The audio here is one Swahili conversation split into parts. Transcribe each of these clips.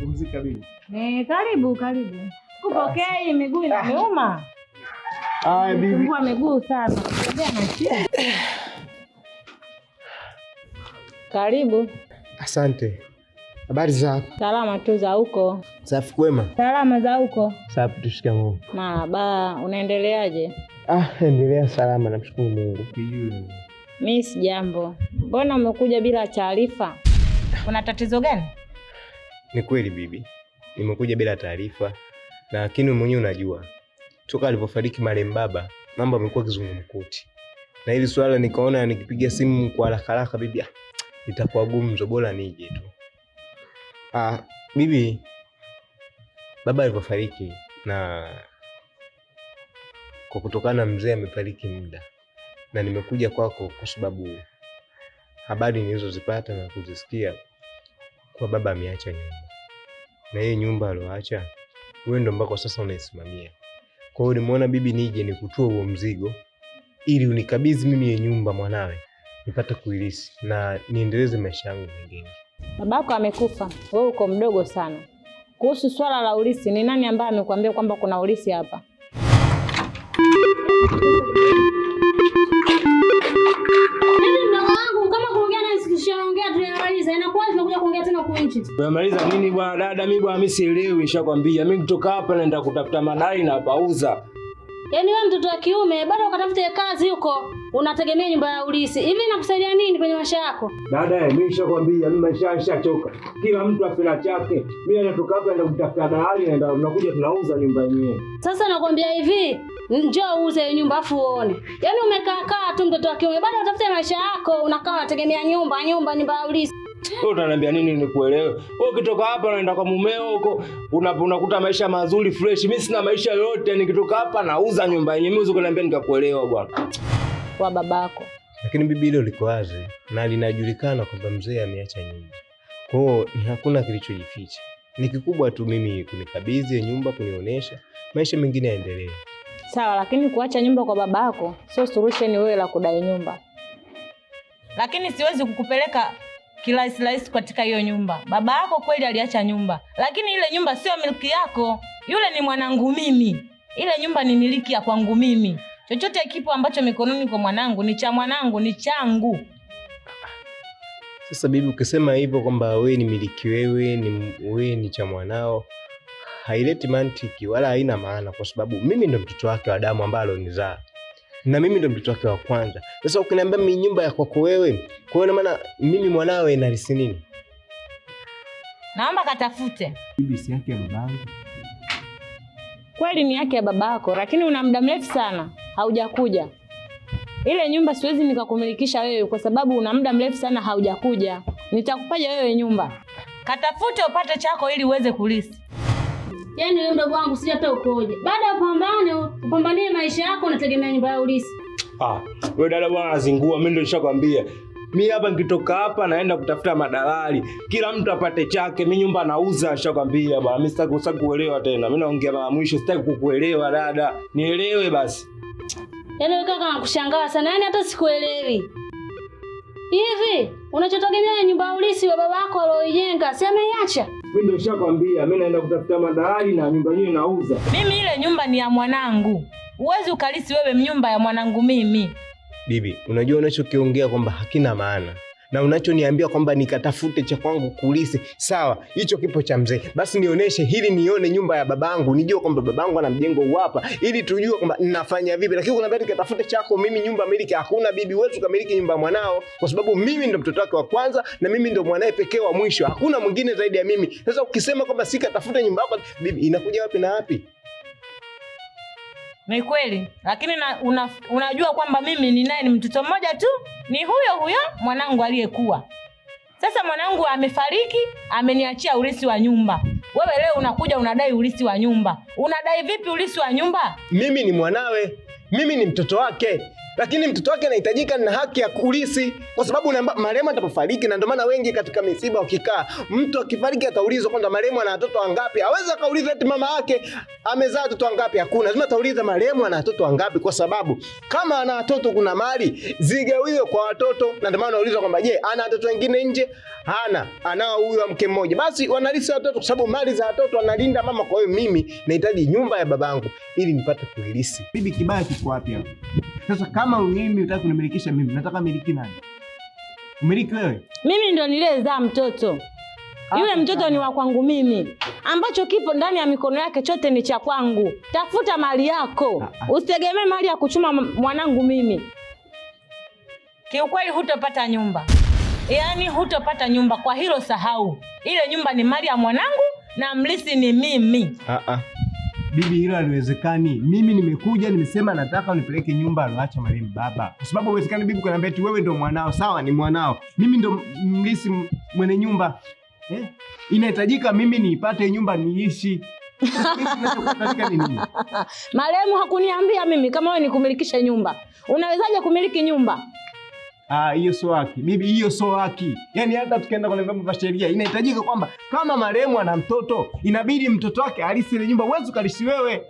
kupumzika bibi. Eh, karibu karibu. Kupokei miguu inameuma. Haya bibi. Kwa miguu sana. Tembea na chini. Karibu. Asante. Habari zako? Salama tu za huko. Safi kwema. Salama za huko. Safi tushika Mungu. Maba, unaendeleaje? Ah, endelea salama namshukuru Mungu. Mimi si jambo. Mbona umekuja bila taarifa? Kuna tatizo gani? Ni kweli bibi, nimekuja bila taarifa, lakini mwenyewe unajua toka alipofariki marehemu baba mambo yamekuwa kizungumkuti, na hili swala nikaona nikipiga simu kwa haraka haraka bibi, ah, itakuwa gumzo, bora nije tu. Ah, bibi, baba alipofariki na kwa kutokana mzee amefariki muda, na nimekuja kwako kwa sababu habari nilizozipata na kuzisikia kuwa baba ameacha nyumba, na hiyo nyumba aliyoacha wewe ndo mbako sasa unaisimamia. Kwa hiyo nimeona bibi, nije nikutoe huo mzigo ili unikabidhi mimi ye nyumba mwanawe, nipate kuilisi na niendeleze maisha yangu mengine. Babako amekufa, wewe uko mdogo sana. Kuhusu swala la ulisi, ni nani ambaye amekuambia kwamba kuna ulisi hapa? tunakuwa tunakuja kuongea tena huko nje. Unamaliza nini bwana dada? Mimi bwana mimi sielewi, nishakwambia. Mimi kutoka hapa naenda kutafuta madai na pauza. Yaani wewe mtoto wa kiume bado ukatafute kazi huko, unategemea nyumba ya ulisi. Hivi nakusaidia nini kwenye maisha yako? Dada, mimi nishakwambia, mimi maisha yashachoka. Kila mtu afina chake. Mimi natoka hapa naenda kutafuta mahali naenda nakuja tunauza nyumba yenyewe. Sasa nakwambia hivi, njoo uuze hiyo nyumba afu uone. Yaani umekaa kaa tu mtoto wa kiume bado utafute maisha yako, unakaa unategemea nyumba, nyumba, nyumba ya ulisi. Wewe utaniambia nini nikuelewe? Wewe ukitoka hapa unaenda kwa mumeo huko, unakuta maisha mazuri fresh. Mimi sina maisha yote, nikitoka hapa nauza nyumba yenyewe. Mimi usikuniambia nikakuelewa bwana. Kwa babako. Lakini bibi ile liko wazi na linajulikana kwamba mzee ameacha nyumba. Kwa hiyo hakuna kilichojificha. Ni kikubwa tu mimi kunikabidhi nyumba, kunionyesha maisha mengine yaendelee. Sawa, lakini kuacha nyumba kwa babako sio solution wewe la kudai nyumba. Lakini siwezi kukupeleka kirahisi rahisi katika hiyo nyumba. Baba yako kweli aliacha nyumba, lakini ile nyumba sio miliki yako. Yule ni mwanangu mimi, ile nyumba ni miliki ya kwangu mimi. Chochote kipo ambacho mikononi kwa mwanangu ni cha mwanangu, ni changu. Sasa bibi, ukisema hivyo kwamba wewe ni miliki, wewe ni wewe ni cha mwanao, haileti mantiki wala haina maana, kwa sababu mimi ndo mtoto wake wa damu ambalo nizaa na mimi ndo mtoto wake wa kwanza. Sasa ukiniambia mimi nyumba ya kwako wewe, kwa hiyo maana mimi mwanawe narisi nini? Naomba katafute. Bibi si yake ya babangu. Kweli ni yake ya babako, lakini una muda mrefu sana haujakuja. Ile nyumba siwezi nikakumilikisha wewe kwa sababu una muda mrefu sana haujakuja. Nitakupaja wewe nyumba. Katafute upate chako ili uweze kulisi. Yaani wewe mdogo wangu sija hata ukoje. Baada ya pambano upambanie maisha yako unategemea nyumba ya ulisi. Ah, wewe dada bwana azingua, mimi ndio nishakwambia. Mi hapa nikitoka hapa naenda kutafuta madalali, kila mtu apate chake. Mi nyumba nauza, nishakwambia bwana. Mi sitaki usaki kuelewa tena, mi naongea mara mwisho, sitaki kukuelewa dada, nielewe basi. Yaani wewe kaka, nakushangaa sana, yaani hata sikuelewi. Hivi unachotegemea nyumba ya ulisi wa baba yako alioijenga, si ameiacha? Mimi ndio nishakwambia, mimi naenda kutafuta madalali na nyumba yenyewe nauza. Mimi ile nyumba ni ya mwanangu, huwezi ukalisi wewe nyumba ya mwanangu mimi. Bibi, unajua unachokiongea kwamba hakina maana na unachoniambia kwamba nikatafute cha kwangu kulisi, sawa, hicho kipo cha mzee, basi nionyeshe hili, nione nyumba ya babangu, nijue kwamba babangu ana mjengo hapa, ili tujue kwamba nafanya vipi. Lakini kuna baadhi katafute chako, mimi nyumba miliki hakuna. Bibi wetu kamiliki nyumba mwanao, kwa sababu mimi ndo mtoto wake wa kwanza na mimi ndo mwanae pekee wa mwisho, hakuna mwingine zaidi ya mimi. Sasa ukisema kwamba sikatafute nyumba yako, bibi inakuja wapi na wapi? Ni kweli, lakini na, una, unajua kwamba mimi ninaye ni mtoto mmoja tu, ni huyo huyo mwanangu aliyekuwa. Sasa mwanangu amefariki, ameniachia urithi wa nyumba. Wewe leo unakuja unadai urithi wa nyumba. Unadai vipi urithi wa nyumba? Mimi ni mwanawe, mimi ni mtoto wake lakini mtoto wake anahitajika na haki ya kulisi, kwa sababu marehemu atapofariki, na ndio maana wengi katika misiba wakikaa, mtu akifariki ataulizwa kwamba marehemu ana watoto wangapi. Aweza kauliza eti mama yake amezaa watoto wangapi, hakuna. Lazima atauliza marehemu ana watoto wangapi, kwa sababu kama ana watoto, kuna mali zigawiwe kwa watoto, na ndio maana anaulizwa kwamba je, ana watoto wengine nje? Hana, anao huyo mke mmoja, basi wanalisi watoto, kwa sababu mali za watoto analinda mama. Kwa hiyo mimi nahitaji nyumba ya babangu ili nipate kuilisi. Bibi Kibaya kiko wapi hapo? Sasa kama mimi unataka kunimilikisha mimi, nataka miliki nani? Miliki wewe? Mimi ndo niliyezaa mtoto ah, yule mtoto ni wa kwangu mimi, ambacho kipo ndani ya mikono yake chote ni cha kwangu. Tafuta mali yako, ah, ah. usitegemee mali ya kuchuma mwanangu. Mimi kiukweli, hutopata nyumba, yaani hutopata nyumba. Kwa hilo sahau, ile nyumba ni mali ya mwanangu na mlisi ni mimi. Bibi, hilo haliwezekani. Mimi nimekuja nimesema nataka unipeleke nyumba alioacha marehemu baba, kwa sababu haiwezekani bibi kuniambia tu wewe ndo mwanao. Sawa, ni mwanao, mimi ndo mlisi mwenye nyumba eh? Inahitajika mimi niipate nyumba niishi marehemu hakuniambia mimi kama wewe nikumilikisha nyumba. Unawezaje kumiliki nyumba? Ah, hiyo sio haki. Bibi, hiyo sio haki. Yaani hata tukienda kwenye vyombo vya sheria inahitajika kwamba kama marehemu ana mtoto, inabidi mtoto wake alisi ile nyumba, uwezi ukalishi wewe.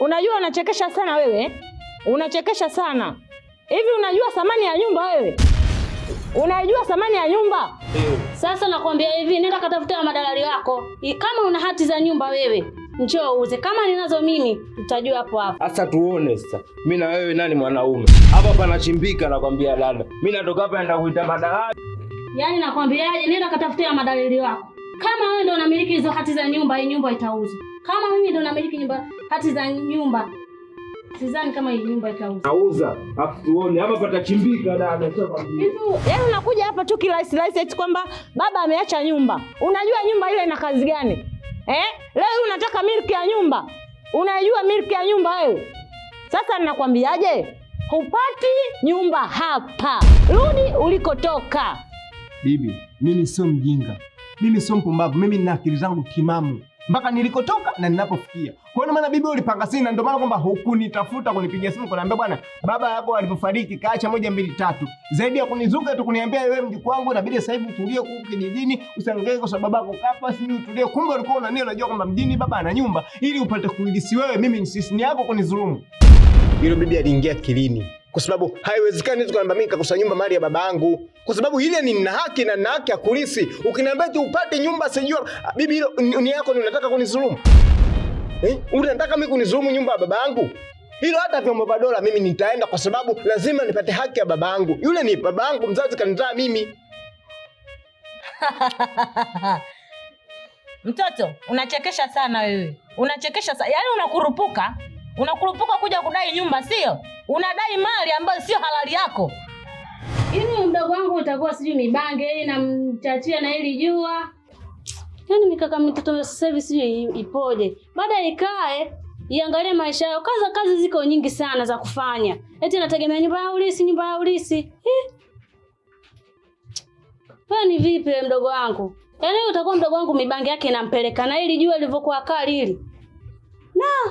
Unajua unachekesha sana wewe. Unachekesha sana. Hivi unajua thamani ya nyumba wewe? Unajua thamani ya nyumba? Sasa nakwambia hivi, nenda katafuta madalali wako. Kama una hati za nyumba wewe. Njoo uze kama ninazo mimi, utajua hapo hapo. Sasa tuone sasa, mimi na wewe nani mwanaume hapa? Panachimbika nakwambia dada, mimi natoka hapa naenda kuita madalali. Yaani nakwambiaje, nenda katafutia madalali wako. Kama wewe ndio unamiliki hizo hati za nyumba, hii nyumba itauzwa. Kama mimi ndio namiliki nyumba, hati za nyumba, sidhani kama hii nyumba itauzwa. Nauza afu tuone hapa patachimbika dada. Yaani unakuja hapa tu kirahisi rahisi, eti kwamba baba ameacha nyumba. Unajua nyumba ile ina kazi gani? eh? Leo unataka milki ya nyumba, unaijua milki ya nyumba wewe? Sasa ninakwambiaje, hupati nyumba hapa, rudi ulikotoka. Bibi, mimi sio mjinga, mimi sio mpumbavu, mimi nina akili zangu timamu mpaka nilikotoka na ninapofikia. Kwa hiyo maana bibi ulipanga siri, na ndio maana kwamba hukunitafuta kunipigia simu kuniambia bwana, baba yako alipofariki kaacha moja mbili tatu, zaidi ya kunizuka tu kuniambia wewe mjukuu wangu inabidi sasa hivi utulie huku kijijini, usihangaike kwa sababu yako kafa, sijui utulie. Kumbe ulikuwa unania, unajua kwamba mjini baba ana nyumba, ili upate kuilisi wewe, mimi sisi ni yako kunizulumu. Hilo bibi aliingia kilini kwa sababu haiwezekani tu kwamba mimi nikakosa nyumba mali ya baba yangu, kwa sababu ile ni na haki na na haki ya kulisi. Ukiniambia tu upate nyumba sijua ah, bibi, hilo ni yako, ni unataka kunizulumu eh? Unataka mimi kunizulumu nyumba ya baba yangu? Hilo hata vyombo vya dola mimi nitaenda, kwa sababu lazima nipate haki ya baba yangu. Yule ni baba yangu mzazi, kanizaa mimi Mtoto, unachekesha sana wewe, unachekesha sana yaani, unakurupuka unakurupuka kuja kudai nyumba, sio? unadai mali ambayo sio halali yako. Hivi yaani mdogo wangu utakuwa sijui mibange na mchachia na ili jua, yaani mikaka mitoto sasa hivi sijui ipoje. Baada ikae iangalie maisha yao. Kaza kazi ziko nyingi sana za kufanya, eti nategemea nyumba ya ulisi, nyumba ya ulisi. Eh? Wewe ni vipi mdogo wangu? Yaani utakuwa mdogo wangu mibange yake inampeleka na ili jua lilivyokuwa kali hili na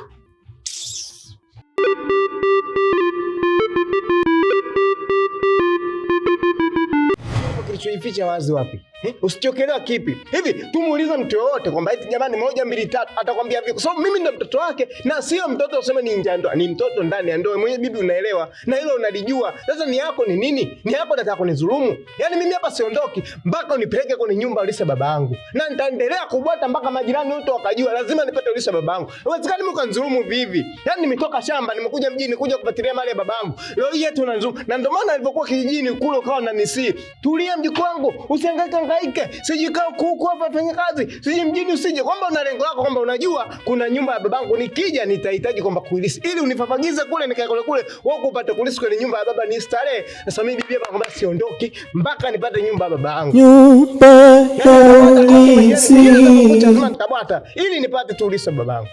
Kilichoificha wazi wapi? Eh, usichokelewa kipi? Hivi Tumuuliza mtu yoyote kwamba eti jamani, moja mbili tatu, atakwambia vipi? Kwa sababu mimi ndo mtoto wake na sio mtoto useme ni nje ya ndoa, ni mtoto ndani ya ndoa. Mwenyewe bibi, unaelewa na hilo unalijua. Sasa ni yako ni nini? Ni yako, nataka kunidhulumu? Yani mimi hapa siondoki mpaka unipeleke kwenye nyumba ulisa baba yangu, na nitaendelea kubwata mpaka majirani wote wakajua, lazima nipate ulisa baba yangu. Haiwezekani mimi ukanidhulumu vivi. Yani nimetoka shamba, nimekuja mjini, kuja kufuatilia mali ya baba yangu, leo yetu unanidhulumu. Na ndio maana alivyokuwa kijijini kule ukawa na nisi, tulia mjukuu wangu, usihangaike uhangaike, siji kaa huku hapa fanya kazi, siji mjini usije, kwamba una lengo lako kwamba unajua kuna nyumba ya babangu nikija nitahitaji kwamba kuilisi, ili unifafagize kule nikae kule kule, wewe kupata kulisi kwenye nyumba ya baba ni starehe. Sasa mimi bibi hapa kwamba siondoki mpaka nipate nyumba ya babangu, nyumba ya ulisi, ili nipate tulisi babangu.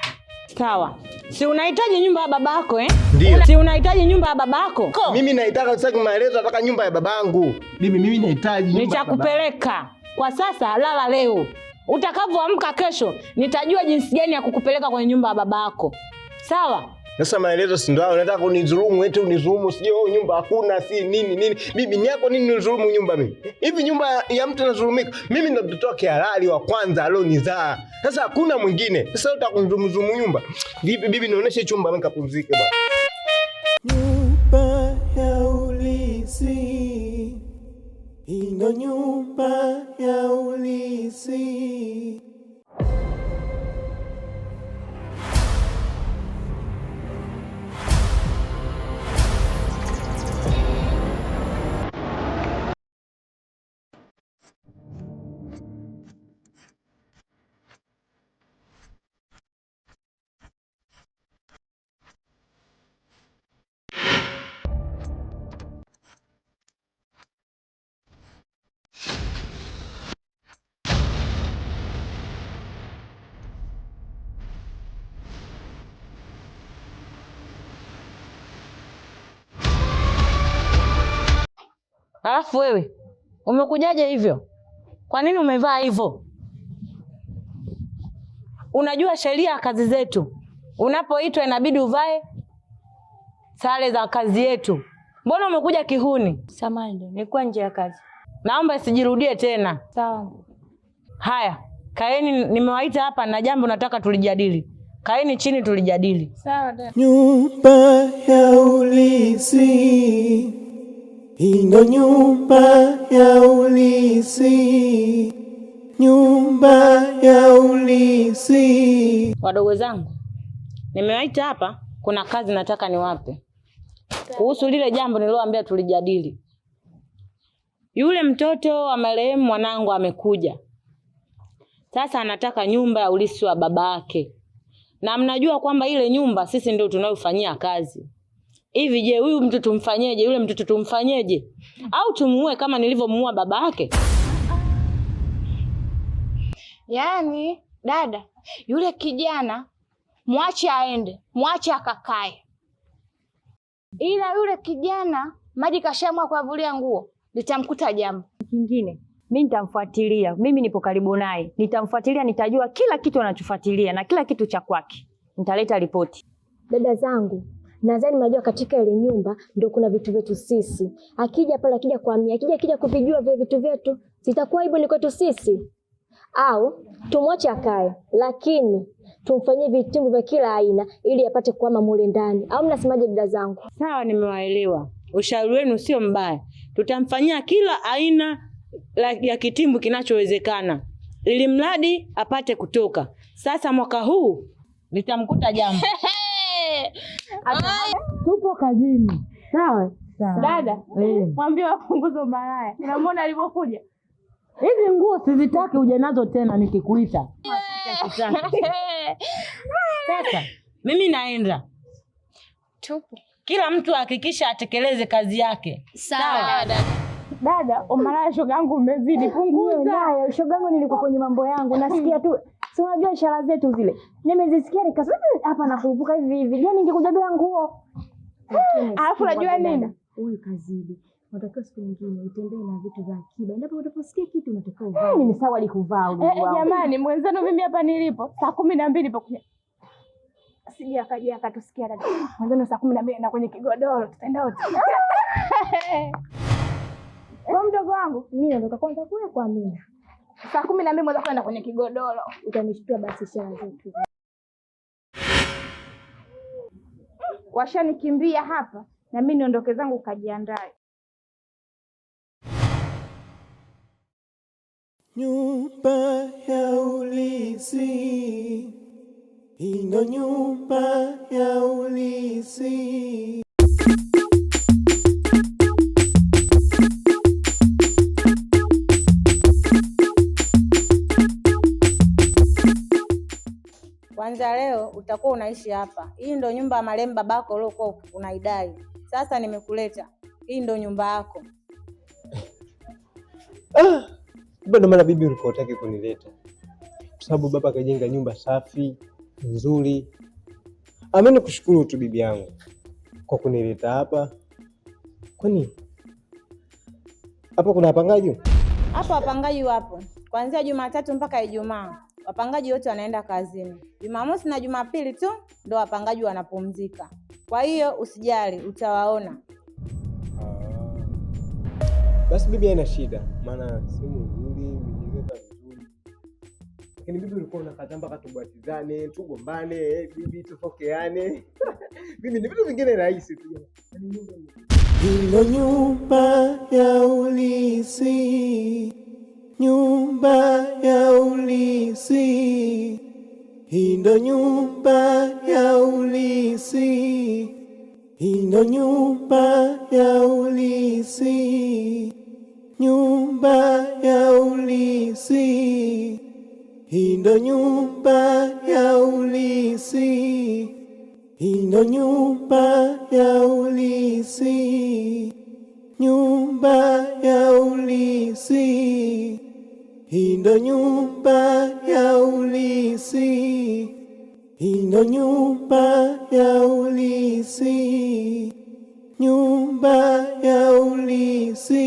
Sawa. Si unahitaji nyumba ya babako eh? Ndio. Si unahitaji nyumba ya babako? Mimi nahitaji sitaki maelezo, nataka nyumba ya babangu. Mimi mimi nahitaji nyumba. Nitakupeleka. Kwa sasa lala leo. Utakavyoamka kesho nitajua jinsi gani ya kukupeleka kwenye nyumba ya babako. Sawa? Sasa maelezo si ndio hayo? Unataka kunidhulumu eti unidhulumu sije wewe nyumba hakuna si nini nini. Bibi yako nini nidhulumu nyumba mimi? Hivi nyumba ya mtu nadhulumika. Mimi ndo mtoto wake halali wa kwanza alionizaa. Sasa hakuna mwingine. Sasa unataka nyumba. Bibi, bibi nionyeshe chumba mimi bwana. Alafu wewe umekujaje hivyo? Kwa nini umevaa hivyo? Unajua sheria ya kazi zetu, unapoitwa inabidi uvae sare za kazi yetu. Mbona umekuja kihuni? Samahani, nilikuwa nje ya kazi. Naomba sijirudie tena. Sawa. Haya, kaeni, nimewaita hapa na jambo nataka tulijadili. Kaeni chini tulijadili. Sawa. Nyumba ya ulinzi indo nyumba ya ulisi, nyumba ya ulisi. Wadogo zangu, nimewaita hapa, kuna kazi nataka niwape kuhusu lile jambo niloambia tulijadili. Yule mtoto wa marehemu mwanangu amekuja sasa, anataka nyumba ya ulisi wa baba na mnajua kwamba ile nyumba sisi ndio tunayofanyia kazi hivi, je, huyu mtu tumfanyeje? Yule mtu tumfanyeje? Au tumuue kama nilivyomuua baba yake? Yaani dada yule kijana mwache aende, mwache akakae, ila yule kijana maji kashamwa kuavulia nguo, litamkuta jambo kingine. Mi nitamfuatilia, mimi nipo karibu naye, nitamfuatilia, nitajua kila kitu anachofuatilia na kila kitu cha kwake, nitaleta ripoti. Dada zangu nadhani unajua katika ile nyumba ndio kuna vitu vyetu sisi. Akija pale, akija kuhamia, akija akija kuvijua vile vitu vyetu, zitakuwa aibu ni kwetu sisi, au tumwache akae, lakini tumfanyie vitimbu vya kila aina ili apate kuhama mule ndani, au mnasemaje dada zangu? Sawa, nimewaelewa. Ushauri wenu sio mbaya, tutamfanyia kila aina la, ya kitimbu kinachowezekana ili mradi apate kutoka. Sasa mwaka huu litamkuta jambo tupo kazini. Sawa dada, eh. mwambie wapunguze umalaya. Unamwona alivyokuja. Hizi nguo sizitaki, uje nazo tena nikikuita. Sasa mimi naenda, tupo kila mtu hakikisha atekeleze kazi yake. Sawa dada. Dada, umalaya shogangu umezidi, eh, punguza. Shogangu, nilikuwa kwenye mambo yangu, nasikia tu Si unajua ishara zetu zile, nimezisikia nikasema hmm, hapa nakuvuka hivi hivi, je, ningekuja bila nguo? Ah, alafu unajua nini, wewe kazidi unatakiwa siku nyingine utembee na vitu vya akiba, endapo utaposikia kitu unatakiwa eh, uvae. Hey, Nimesahau Hey, eh, eh, jamani, mwenzenu mimi hapa nilipo saa kumi na mbili nipo sija akaja akatusikia dada ah, mwenzenu saa kumi na mbili na kwenye kigodoro tutaenda wote. Mdogo wangu mimi ndo kwanza kule kwa Amina saa kumi na mbili mweza kwenda kwenye kigodoro, utanishtua basi shana Washanikimbia hapa, na mimi niondoke zangu, ukajiandae. Nyumba ya ulinzi, ino nyumba ya ulinzi Kwanza leo utakuwa unaishi hapa. Hii ndo nyumba ya marehemu babako uliokuwa unaidai. Sasa nimekuleta, hii ndo nyumba yako. Ah, bado maana bibi ulikuwa unataka kunileta, kwa sababu baba akajenga nyumba safi nzuri. Ameni kushukuru tu bibi yangu kwa kunileta hapa. Kwani hapa kuna wapangaji? Hapo wapangaji wapo kuanzia Jumatatu mpaka Ijumaa wapangaji wote wanaenda kazini. Jumamosi na Jumapili tu ndo wapangaji wanapumzika. Kwa hiyo usijali, utawaona. Ah. Basi bibi haina shida, maana simu nzuri, nijiweka vizuri. Lakini bibi ulikuwa unakataa mpaka tubatizane, tugombane, eh, bibi tufokeane. Mimi ni vitu vingine rahisi tu. Hilo nyumba ya ulisi nyumba ya ulisi, hindo nyumba ya ulisi, hindo nyumba ya ulisi, nyumba ya ulisi, hindo nyumba ya ulisi, hindo nyumba ya ulisi, nyumba ya ulisi hii ndo nyumba ya ulisi, hii ndo nyumba ya ulisi, nyumba ya ulisi,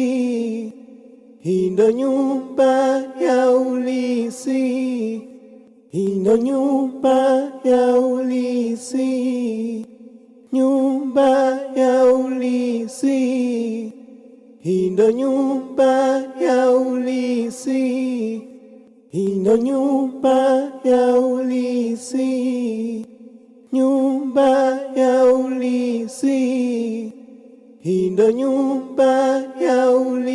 hii ndo nyumba ya ulisi, hii ndo nyumba ya ulisi, nyumba ya ulisi hii ndo nyumba ya ulisi, hii ndo nyumba ya ulisi, nyumba ya ulisi, hii ndo nyumba ya ulisi.